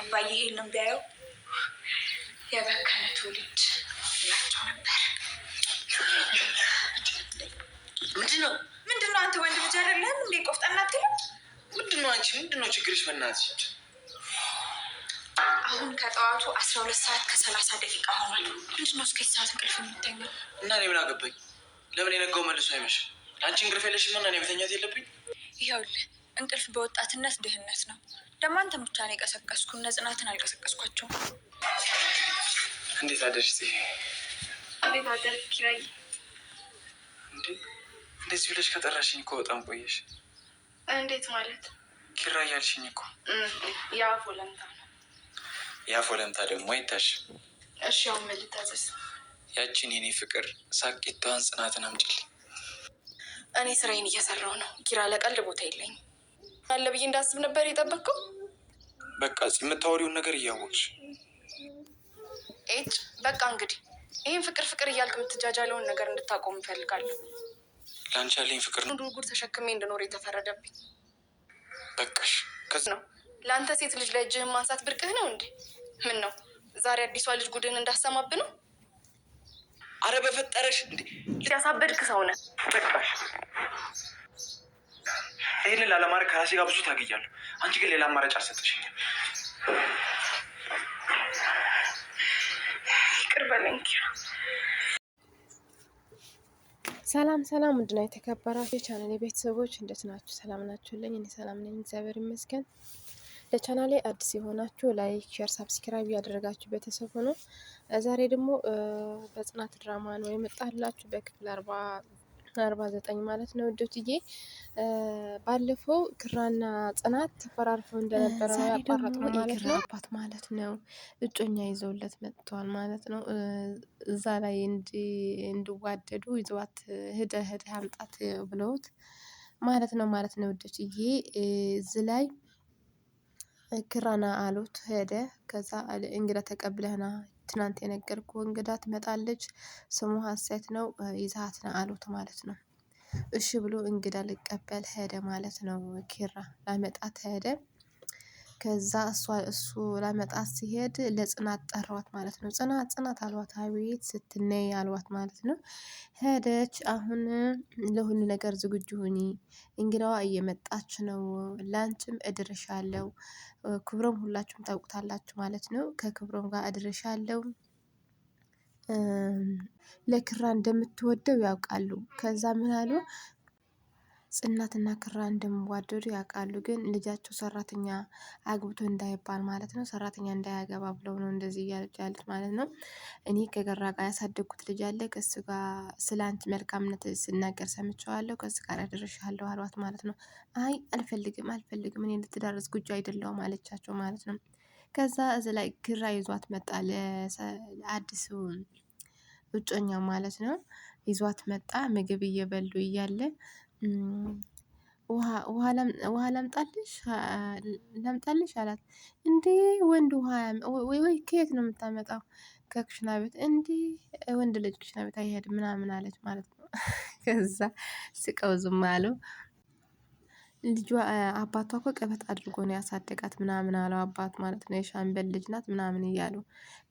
አባዬ ይህንን ቢያየው የበከነ ትውልድ ላቸው ነበር። ምንድን ነው ምንድን ነው? አንተ ወንድ ልጅ አይደለም እንዴ? ቆፍጠና አትልም? ምንድን ነው አንቺ? ምንድን ነው ችግርሽ? በእናትሽ አሁን ከጠዋቱ አስራ ሁለት ሰዓት ከሰላሳ ደቂቃ ሆኗል። ምንድን ነው እስከዚህ ሰዓት እንቅልፍ የምተኛው? እና እኔ ምን አገባኝ? ለምን የነገው መልሶ አይመሽም? አንቺ እንቅልፍ የለሽም እና እኔ መተኛት የለብኝ? ይኸውልህ እንቅልፍ በወጣትነት ድህነት ነው። ደግሞ አንተን ብቻ ነው የቀሰቀስኩ፣ እነ ጽናትን አልቀሰቀስኳቸው። እንዴት አደርሽ? እንዴት አደር ኪራይ? እንዴ እንደዚህ ብለሽ ከጠራሽኝ እኮ በጣም ቆየሽ። እንዴት ማለት ኪራይ ያልሽኝ እኮ የአፍ ወለምታ ነው። የአፍ ወለምታ ደግሞ አይታሽ። እሺ ያው መልታዘዝ ያችን የኔ ፍቅር ሳቂቷን ጽናትን አምጪልኝ። እኔ ስራዬን እየሰራው ነው። ኪራ ለቀልድ ቦታ የለኝም። አለ ብዬ እንዳስብ ነበር የጠበቅከው። በቃ የምታወሪውን ነገር እያወቅሽ ኤች በቃ እንግዲህ ይህን ፍቅር ፍቅር እያልክ የምትጃጃለውን ነገር እንድታቆም እፈልጋለሁ። ለአንቺ ያለኝ ፍቅር ነው። ጉድ ተሸክሜ እንድኖር የተፈረደብኝ በቃሽ ነው። ለአንተ ሴት ልጅ ለእጅህን ማንሳት ብርቅህ ነው እንዴ? ምን ነው ዛሬ አዲሷ ልጅ ጉድህን እንዳሰማብ ነው? አረ በፈጠረሽ እንዴ! ያሳበድክ ሰው ነህ። በቃሽ ይህንን ላለማድረግ ከራሴ ጋር ብዙ ታግያለሁ። አንቺ ግን ሌላ አማራጭ አልሰጠሽኝም። ይቅር በለኝ። ሰላም ሰላም፣ ውድና የተከበራችሁ የቻናሌ ቤተሰቦች እንዴት ናችሁ? ሰላም ናችሁልኝ? እኔ ሰላም ነኝ፣ እግዚአብሔር ይመስገን። ለቻናሌ አዲስ የሆናችሁ ላይክ፣ ሼር፣ ሳብስክራይብ ያደረጋችሁ ቤተሰብ ሆኖ ዛሬ ደግሞ በጽናት ድራማ ነው የመጣላችሁ በክፍል አርባ 49 ማለት ነው ውዶችዬ። ባለፈው ክራና ጽናት ተፈራርፈው እንደነበረ ያቋረጡ ማለት ነው። አባት ማለት ነው እጮኛ ይዘውለት መጥተዋል ማለት ነው። እዛ ላይ እንዲዋደዱ ይዘዋት ህደ ህደ አምጣት ብለውት ማለት ነው ማለት ነው ውዶችዬ። እዚ ላይ ክራና አሉት ሄደ። ከዛ እንግዳ ተቀብለህና ትናንት የነገርኩህ እንግዳ ትመጣለች ስሙ ሀሴት ነው ይዛት ና አሉት ማለት ነው። እሺ ብሎ እንግዳ ልቀበል ሄደ ማለት ነው። ኪራ ላመጣት ሄደ ከዛ እሷ እሱ ለመጣት ሲሄድ ለጽናት ጠሯት ማለት ነው። ጽናት ጽናት አልዋት አቤት ስትነይ አልዋት ማለት ነው። ሄደች። አሁን ለሁሉ ነገር ዝግጁ ሁኒ፣ እንግዳዋ እየመጣች ነው፣ ላንችም አለው ክብሮም ሁላችሁም ታውቁታላችሁ ማለት ነው። ከክብሮም ጋር አለው። ለክራ እንደምትወደው ያውቃሉ። ከዛ ምን አሉ ጽናትና ክራ እንደሚዋደዱ ያውቃሉ። ግን ልጃቸው ሰራተኛ አግብቶ እንዳይባል ማለት ነው፣ ሰራተኛ እንዳያገባ ብለው ነው እንደዚህ እያለች ያሉት ማለት ነው። እኔ ከገራ ጋር ያሳደግኩት ልጅ አለ። ከሱ ጋር ስለ አንቺ መልካምነት ስናገር ሰምቼዋለሁ። ከሱ ጋር ያደረሻለሁ አሏት ማለት ነው። አይ አልፈልግም፣ አልፈልግም እኔ ልትዳር ዝግጁ አይደለሁም አለቻቸው ማለት ነው። ከዛ እዚ ላይ ግራ ይዟት መጣ ለአዲሱ እጮኛው ማለት ነው። ይዟት መጣ ምግብ እየበሉ እያለ ውሃ ለምጣልሽ አላት። እንዴ ወንድ ውሃ ወይ ከየት ነው የምታመጣው? ከክሽና ቤት እንዴ ወንድ ልጅ ክሽና ቤት አይሄድም ምናምን አለች ማለት ነው። ከዛ ስቀው ዝም አሉ። ልጇ አባቷ እኮ ቀበጥ አድርጎ ነው ያሳደጋት ምናምን አለው አባት ማለት ነው። የሻምበል ልጅ ናት ምናምን እያሉ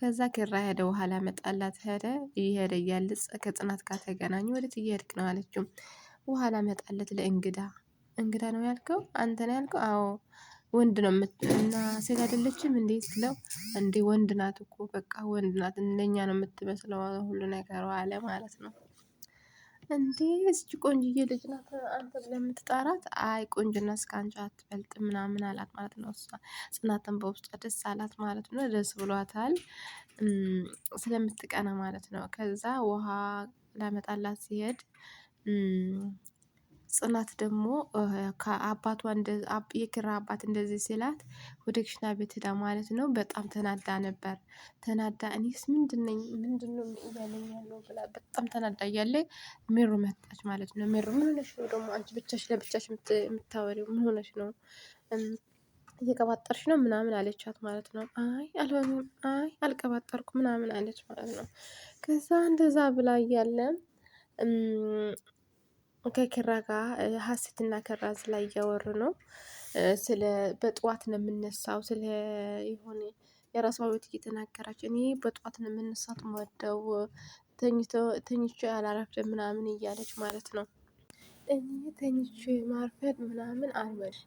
ከዛ ኪራ ሄደ ውሃ ላመጣላት ሄደ። እየሄደ እያለ ከጽናት ጋር ተገናኙ። ወዴት እየሄድክ ነው አለችው። ውሃ ላመጣለት ለእንግዳ እንግዳ ነው ያልከው አንተ ነው ያልከው አዎ ወንድ ነው እና ሴት አይደለችም እንዴት ስለው እንዴ ወንድ ናት እኮ በቃ ወንድ ናት እንደኛ ነው የምትመስለው ሁሉ ነገር አለ ማለት ነው። እንዴ እቺ ቆንጅዬ ልጅ ናት አንተ ብለህ የምትጠራት አይ ቆንጅና እስካንቺ አትበልጥም ምናምን አላት ማለት ነው። እሷ ጽናትን በውስጧ ደስ አላት ማለት ነው ደስ ብሏታል። ስለምትቀና ማለት ነው ከዛ ውሃ ላመጣላት ሲሄድ ጽናት ደግሞ ከአባቷ የኪራ አባት እንደዚህ ሲላት ወደ ክሽና ቤት ሄዳ ማለት ነው። በጣም ተናዳ ነበር። ተናዳ እኔስ ምንድነኝ ምንድነው እያለኝ ያለው ብላ በጣም ተናዳ እያለ ሜሮ መጣች ማለት ነው። ሜሮ ምን ሆነሽ ነው ደግሞ አንቺ ብቻሽ ለብቻሽ የምታወሪው ምን ሆነሽ ነው? እየቀባጠርሽ ነው ምናምን አለቻት ማለት ነው። አይ አልሆነም፣ አይ አልቀባጠርኩ ምናምን አለች ማለት ነው። ከዛ እንደዛ ብላ እያለ ከኪራ ጋር ሀሴትና ከራዝ ላይ እያወሩ ነው። ስለ በጠዋት ነው የምነሳው ስለ የሆነ የራሷ ቤት እየተናገራች እኔ በጠዋት ነው የምነሳት ወደው ተኝቼ አላረፍድም ምናምን እያለች ማለት ነው። እኔ ተኝቼ ማርፈድ ምናምን አልወድ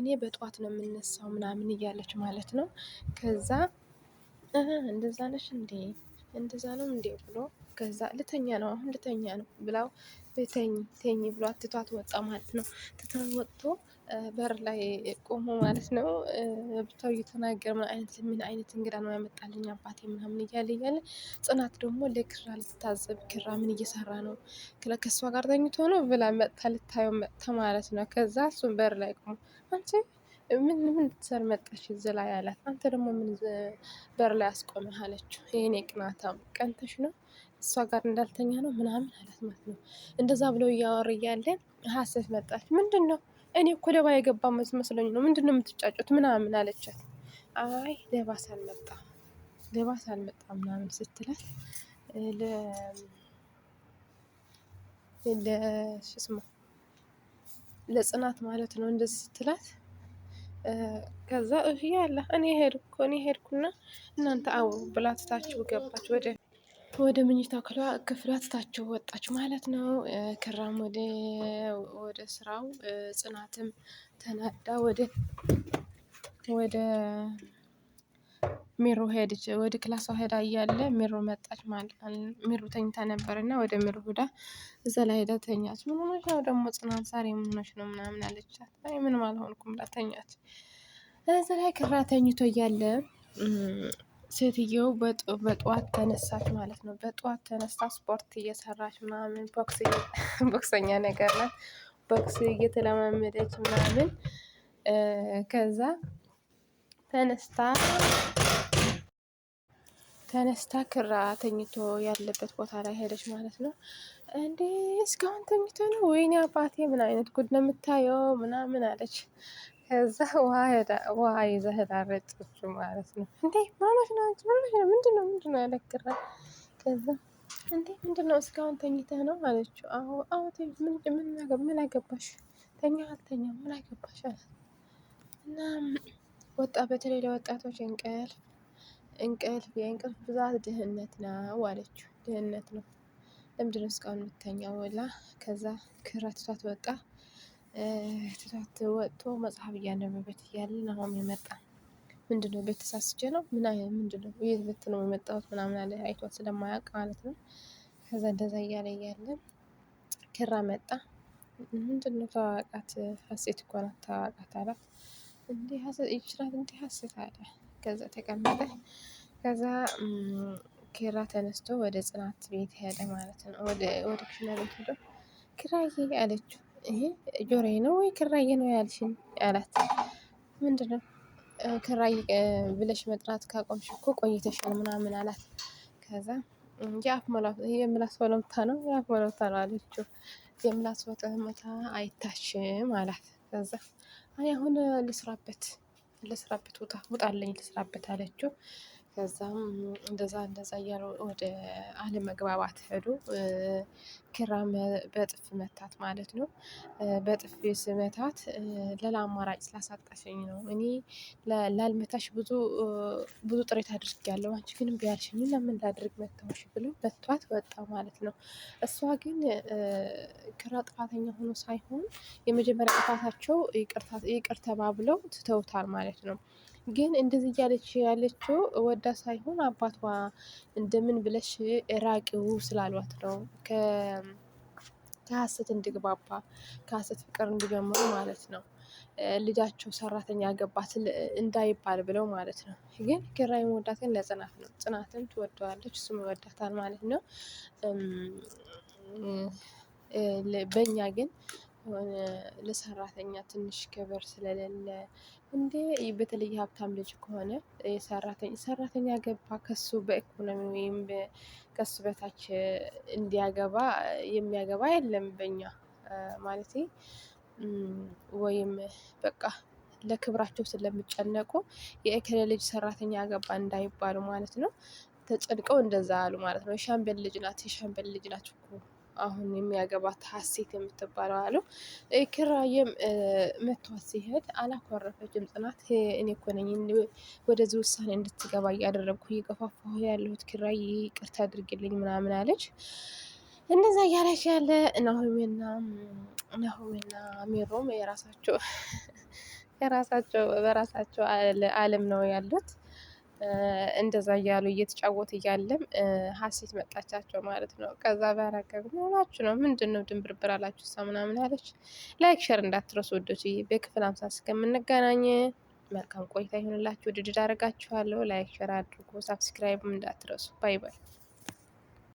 እኔ በጠዋት ነው የምነሳው ምናምን እያለች ማለት ነው። ከዛ እንደዛ ነሽ እንዴ እንደዛ ነው እንዴ ብሎ ከዛ ልተኛ ነው አሁን ልተኛ ነው ብላው ተኝ ተኝ ብሎ ትቷት ወጣ ማለት ነው። ትቷት ወጥቶ በር ላይ ቆሞ ማለት ነው ብታው እየተናገረ ምን አይነት ምን አይነት እንግዳ ነው ያመጣልኝ አባቴ ምናምን እያለ እያለ ጽናት ደግሞ ለክራ ልትታዘብ ክራ ምን እየሰራ ነው ከእሷ ጋር ተኝቶ ነው ብላ መጥታ ልታየው መጥታ ማለት ነው። ከዛ እሱን በር ላይ ቆሞ አንቺ ምን ምን ልትሰር መጣሽ? እዚህ ላይ አላት። አንተ ደግሞ ምን በር ላይ አስቆመህ? አለችው። ይህኔ ቅናታም ቀንተሽ ነው እሷ ጋር እንዳልተኛ ነው ምናምን አላት ማለት ነው። እንደዛ ብለው እያወር እያለ ሀሰት መጣች። ምንድን ነው እኔ እኮ ደባ የገባ መስሎኝ ነው ምንድን ነው የምትጫጩት? ምናምን አለቻት። አይ ደባ ሳልመጣ ደባ ሳልመጣ ምናምን ስትላት ለሽስማ ለጽናት ማለት ነው እንደዚህ ስትላት ከዛ እህ ያለ እኔ ሄድኩ እኔ ሄድኩና እናንተ አውሩ ብላ ትታችሁ ገባች ወደ ወደ ምኝታ ክፍሏ ትታችሁ ወጣች ማለት ነው። ክራም ወደ ወደ ስራው ጽናትም ተናዳ ወደ ወደ ሚሩ ሄደች ወደ ክላሷ ሄዳ እያለ ሚሩ መጣች ማለት ሚሩ ተኝታ ነበር እና ወደ ሚሩ ሄዳ እዛ ላይ ሄዳ ተኛች። ምን ሆነች ነው ደግሞ ጽናት ዛሬ ምን ሆነች ነው ምናምን አለቻት። አይ ምንም አልሆንኩም ብላ ተኛች። እዛ ላይ ክራ ተኝቶ እያለ ሴትየው በጠዋት ተነሳች ማለት ነው። በጠዋት ተነሳ ስፖርት እየሰራች ምናምን ቦክሰኛ ነገር ናት። ቦክስ እየተለማመደች ምናምን ከዛ ተነስታ ተነስታ ክራ ተኝቶ ያለበት ቦታ ላይ ሄደች ማለት ነው። እንዴ እስካሁን ተኝቶ ነው? ወይኔ አባቴ ምን አይነት ጉድ ነው የምታየው? ምናምን አለች። ከዛ ውሃ ይዛ ሄዳ ማለት ነው። እንዴ ማኖች ነው አንቺ ማኖች ነው ምንድን ነው ምንድን ነው ያለክራ። ከዛ እንዴ ምንድን ነው እስካሁን ተኝተ ነው አለችው። አዎ አዎ ምን አገባሽ ተኛ አልተኛ ምን አገባሽ አለ እና ወጣ በተለይ ለወጣቶች እንቅልፍ እንቅልፍ የእንቅልፍ ብዛት ድህነት ነው አለችው። ድህነት ነው ለምንድነው እስካሁን የምተኛው ብላ ከዛ ክራ ትቷት ወጣ። ትቷት ወጥቶ መጽሐፍ እያነበበት እያለ ናሆም የመጣ ምንድነው ቤት ተሳስቼ ነው ምን ምንድነው የት ቤት ነው የመጣሁት ምናምን አለ። አይቷት ስለማያውቅ ማለት ነው። ከዛ እንደዛ እያለ እያለ ክራ መጣ። ምንድነው ተዋቃት ሀሴት እኮ ናት ተዋቃት አላት። እንዲህ ሀሴት ይችላል እንዲህ ሀሴት አለ ከዛ ተቀመጠ። ከዛ ኪራ ተነስቶ ወደ ጽናት ቤት ሄደ ማለት ነው። ወደ ክሽና ቤት ሄዶ ኪራዬ አለችው። ይሄ ጆሮዬ ነው ወይ ኪራዬ ነው ያልሽኝ አላት። ምንድን ነው ኪራዬ ብለሽ መጥራት ካቆምሽ እኮ ቆይተሻል ምናምን አላት። ከዛ የአፍ የምላስ ወለምታ ነው የአፍ ወለምታ ነው አለችው። የምላስ ወለምታ አይታሽም አላት። ከዛ አይ አሁን ልስራበት ልስራበት ውጣ ውጣለኝ ልስራበት አለችው። ከዛም እንደዛ እንደዛ እያሉ ወደ አለመግባባት ሄዱ። ኪራም በጥፍ መታት ማለት ነው። በጥፍ ስመታት ሌላ አማራጭ ስላሳጣሽኝ ነው። እኔ ላልመታሽ ብዙ ብዙ ጥረት አድርጌያለሁ፣ አንቺ ግን እምቢ ለምን ላድርግ ብሎ መቷት ወጣ ማለት ነው። እሷ ግን ኪራ ጥፋተኛ ሆኖ ሳይሆን የመጀመሪያ ጥፋታቸው ይቅር ተባብለው ትተውታል ማለት ነው። ግን እንደዚህ እያለች ያለችው ወዳ ሳይሆን አባቷ እንደምን ብለሽ እራቂው ስላሏት ነው። ከሀሰት እንዲግባባ ከሀሰት ፍቅር እንዲጀምሩ ማለት ነው። ልጃቸው ሰራተኛ ያገባት እንዳይባል ብለው ማለት ነው። ግን ኪራይ መወዳት ግን ለጽናት ነው። ጽናትም ትወደዋለች፣ እሱም ይወዳታል ማለት ነው። በእኛ ግን ለሰራተኛ ትንሽ ክብር ስለሌለ እንዴ በተለይ ሀብታም ልጅ ከሆነ ሰራተኛ ገባ ከሱ በኢኮኖሚ ወይም ከሱ በታች እንዲያገባ የሚያገባ የለም በኛ ማለት ወይም በቃ ለክብራቸው ስለሚጨነቁ የእከሌ ልጅ ሰራተኛ ገባ እንዳይባሉ ማለት ነው። ተጨንቀው እንደዛ አሉ ማለት ነው። የሻምበል ልጅ ናት የሻምበል ልጅ ናት እኮ አሁን የሚያገባት ሀሴት የምትባለው አሉ ኪራዬም መቷት ሲሄድ አላኮረፈችም። ጽናት እኔ እኮ ነኝ ወደዚህ ውሳኔ እንድትገባ እያደረግኩ እየገፋፋሁ ያለሁት ክራ፣ ይቅርታ አድርግልኝ ምናምን አለች። እንደዛ እያለች ያለ ናሆሜና ናሆሜና ሜሮም የራሳቸው የራሳቸው በራሳቸው አለም ነው ያሉት። እንደዛ እያሉ እየተጫወት እያለም ሀሴት መጣቻቸው ማለት ነው። ከዛ በረከብ ሆናችሁ ነው ምንድን ነው ድንብርብር አላችሁ እሷ ምናምን አለች። ላይክ ሸር እንዳትረሱ ወዶች፣ በክፍል ሀምሳ እስከምንገናኝ መልካም ቆይታ ይሆንላችሁ። ድድድ አደርጋችኋለሁ። ላይክ ሸር አድርጉ፣ ሳብስክራይብ እንዳትረሱ። ባይ ባይ።